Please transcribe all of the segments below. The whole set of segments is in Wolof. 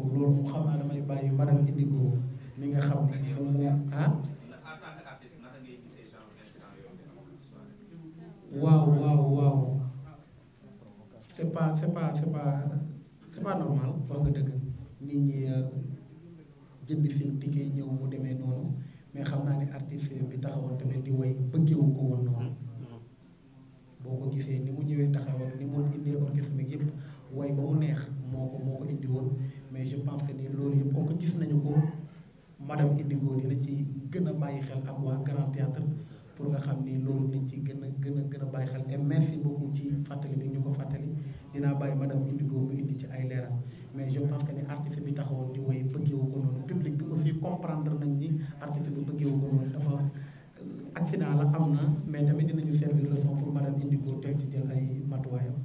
ko loolu mu xam naa damay bàyyi madame Indigo mi nga xam ne moom ah. waaw waaw waaw c'est pas c'est pas c'est pas c'est pas normal wax nga dëgg nit ñi euh, jënd seen ticket ñëw mu demee noonu mais xam naa ne artiste bi taxawoon tamit di woy bëggewu ko woon noonu boo ko gisee ni mu ñëwee taxaw ni mu indee orchestre bi yëpp woy ba mu neex. moo ko moo ko indi woon mais je pense que ni loolu yëpp kooku gis nañu ko madame indi ko dina ci gën a bàyyi xel ak waa Grand Théâtre pour nga xam ni loolu nañ ci gën a gën a gën a bàyyi xel et merci beaucoup ci fàttali bi ñu ko fàttali dinaa bàyyi madame Indigo mu indi ci ay leeral mais je pense que ni artiste bi taxawoon di woy bëggeewu ko noonu public bi aussi comprendre nañ ni artiste bi bëggeewu ko noonu dafa euh, accident la am na mais tamit dinañu servir leçon pour madame Indigo teel matuwaayam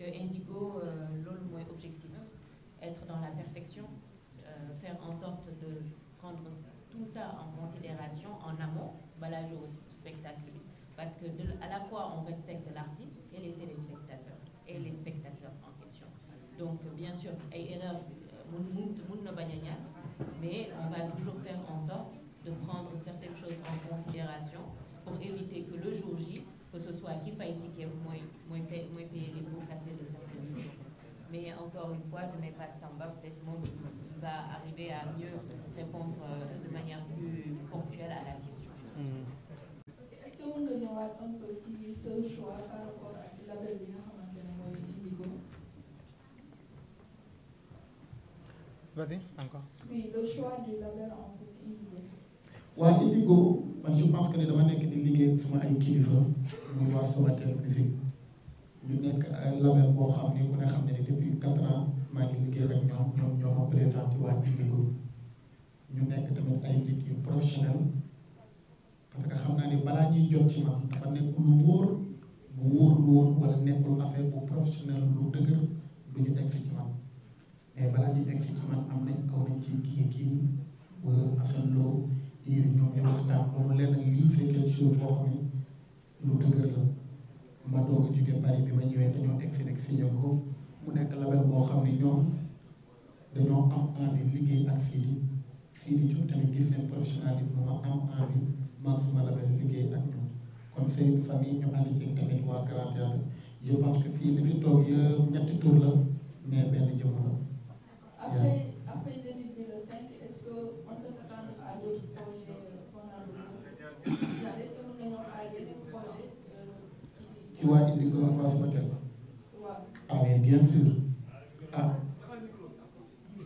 que Indigo euh, loolu mooy objectif être dans la perfection euh, faire en sorte de prendre tout ça en considération en amont balaa jour spectacle bi parce que de à la fois on respecte l'artiste et les téléspectateurs et les spectateurs en question donc bien sûr ay erreurs euh, mun mun na bañ a ñàkk mais on va toujours faire en sorte de prendre certaines choses en considération pour éviter que le jour J que ce soit qui paye ticket, moi, moi, paye, moi payer les pots, casser les impôts. Mais encore une fois, je n'ai pas Samba, peut-être mon va arriver euh, de manière plus ponctuelle à la question. Mmh. Est-ce que vous nous un petit seul choix par rapport à l'abel bien Vas-y, encore. Oui, le choix du label en fait Indigo. Ouais, Indigo, je pense que je vais lier muy waa Sonatel Musique ñu nekk label boo xam ne ku ne xam ne depuis quatre ans maa ngi liggéey ak ñoom ñoom ñoo ma présenté waa Indigo ñu nekk tamit ay nit yu professionnel parce que xam naa ni balaa ñuy jot ci man dafa nekk lu wóor bu wóor wóor wala nekkul affaire bu professionnel lu dëgër du ñu egg ci man mais balaa ñuy egg ci man am nañ aw nañ ci kii kii euh, Assane Lo ñoom ñoo waxtaan ba mu lenn lii c'est quelque boo xam ne. lu dëgër la ma doog a jóge bi ma ñëwee dañoo egg si rek signé ko mu nekk la boo xam ne ñoom dañoo am envie liggéey ak Sidy Sidy Diop tamit gis seen professionnalisme ma am envie man suma label liggéey ak ñoom kon c'est une famille ñu ànd ci tamit waa Grand Théâtre je pense que fii li fi toog yëpp ñetti tur la benn jëmm la. ci waa indi gouvernement sama tel ah mais bien sûr ah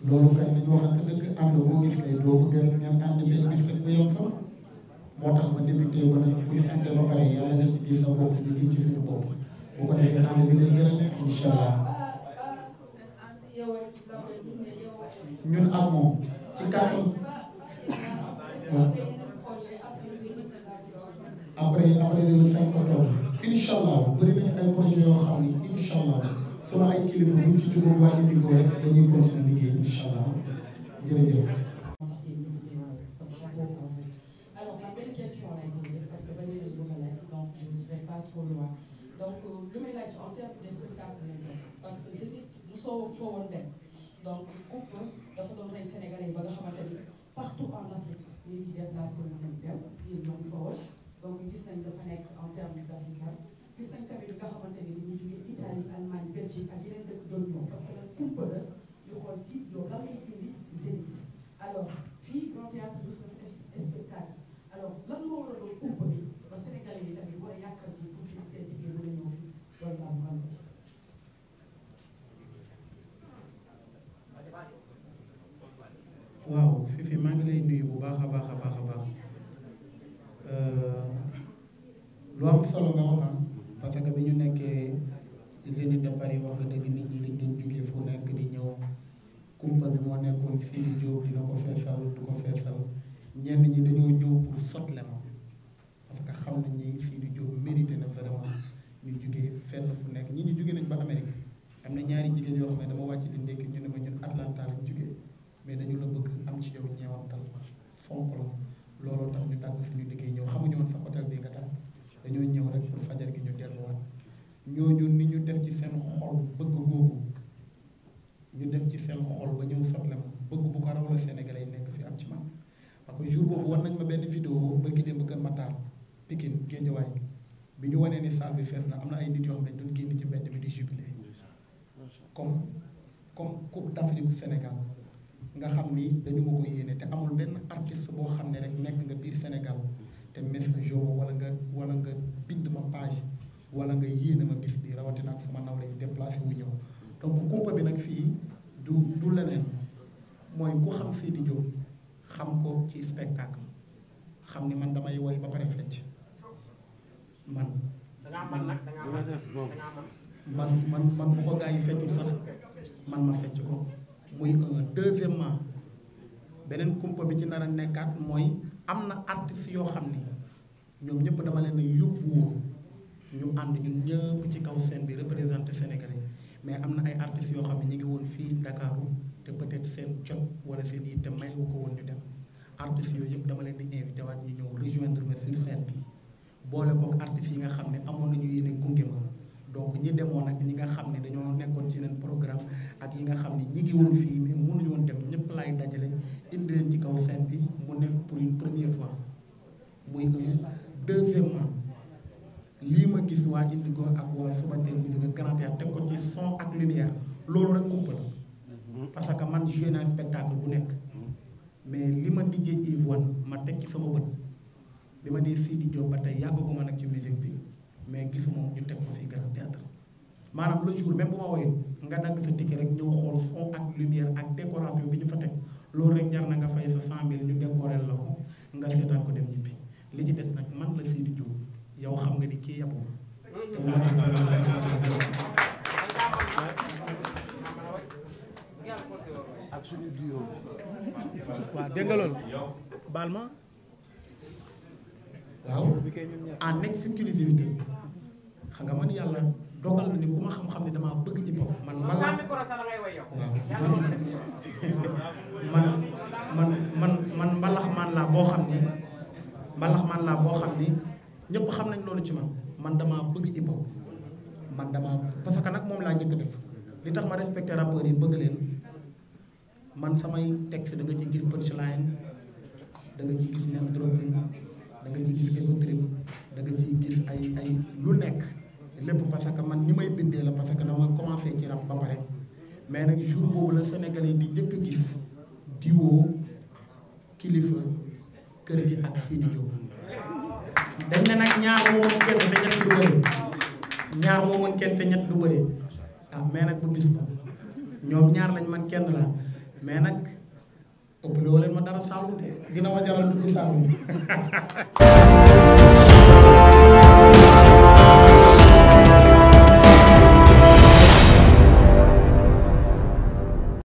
loolu kay nañu waxante dëgg ànd boo gis kay doo ko gën ngeen ànd benn gis rek ba yem fa moo tax ma débuté ko nag bu ñu àndee ba pare yàlla nga ci gis sa bopp ñu gis ci ko defee ànd bi day gën a nekk incha ñun ak moom ci kàttan après après le 5 octobre incha allah bëri nañu ay projet yoo ni incha allah sama ay kilifa bu ci dugg waa indi ko rek dañuy continuer liggéey incha allah jërëjëf. alors ma benn question lay poser parce que ba léegi lu ma laaj donc je ne serai pas trop loin donc euh, lu may laaj en termes de spectacle parce que c'est dit mu soo foo woon dem donc coupe dafa doon rey sénégalais ba nga xamante ni partout donc gis nañ dafa nekk en terme d'africain gis nañ tamit li nga xamante ni ñu jógee Italie Allemagne Belgique ak yeneen dëkk doon ñëw parce que nag kumpa la ñu xool si yow lan ngay indi zénith alors am solo nga wax géejawaay bi ñu wanee ni salle bi fees na am na ay nit yoo xam ne doon génn ci mbedd bi di jubilé comme comme Coupe d'Afrique Sénégal nga xam ni dañu ma ko yéene te amul benn artiste boo xam ne rek nekk nga biir Sénégal te message yow wala nga wala nga bind ma page wala nga yéene ma gis bi rawatina ak sama nawle yi déplacé wu ñëw donc kumpa bi nag fii du du leneen mooy ku xam si Sidi Diop xam ko ci spectacle xam ni man damay woy ba pare fecc man. dangaa man nag dangaa man dangaa man man man bu ko gaa yi feccul sax man ma fecc ko muy un deuxièmement beneen kumpa bi ci nar a nekkaat mooy am na artistes yoo xam ne ñoom ñëpp dama leen a yóbbu ñu ànd ñu ñëpp ci kaw scène bi représenté Sénégalais mais am na ay artistes yoo xam ne ñu ngi woon fii Ndakaaru te peut-être seen cot wala seen yitte mayu ko woon ñu dem artistes yooyu yëpp dama leen di invité waat ñu ñëw boole kook artistes yi nga xam ne amoon nañu yéene gunge ma donc ñi demoon ak ñi nga xam ne dañoo nekkoon ci yeneen programme ak yi nga xam ne ñi ngi woon fii mais mënuñu woon dem ñëpp laay dajale indi leen ci kaw scène bi mu nekk pour une première fois muy deuxièmement lii ma gis waa Indigo ak waa Subatel Musique Grand Théâtre ko ci son ak lumière loolu rek kumpa la parce que man joué naa spectacle bu nekk mm-hmm. mais li ma dijjee Yves Wane ma teg ci sama bët bi ma dee Sidi Diop ba tey yàggaguma nag ci musique bi mais gisuma ñu teg ko fii grand théâtre maanaam le jour même bu ma nga dagg sa ticket rek ñëw xool son ak lumière ak décoration bi ñu fa teg loolu rek jar na nga fay sa cent mille ñu décoreel la ko nga seetaan ko dem ñibbi li ci des nag man la Sidi Diop yow xam nga ni kii yaboo ak suñu duo waaw dégg nga loolu baal ma waaw en exclusivité xam nga man yàlla dogal na ni ku ma xam-xam ne damaa bëgg hip hop man man man man man mbalax man laa boo xam ni mbalax man laa boo xam ni ñëpp xam nañ loolu ci man man damaa bëgg hip hop man damaa parce que nag moom laa njëkk def li tax ma respecté rappeurs yi bëgg leen man samay texte da nga ci gis punchline da nga ci gis name dropping da nga ciy gis égotrip da nga ciy gis ay ay lu nekk lépp parce que man ni may bindee la parce que dama commencé ci rap ba pare mais nag jour boobu la Sénégalais di njëkk a gis diwoo kilifa kër gi ak Sidi Diop dañ ne nag ñaar moo mën kenn te ñett du bëri ñaar moo mën kenn te ñett du bëri ah mais nag bu bis ba ñoom ñaar lañ man kenn la mais nag ëpp lu leen ma dara Saalum de dina ma jaral dugg Saalum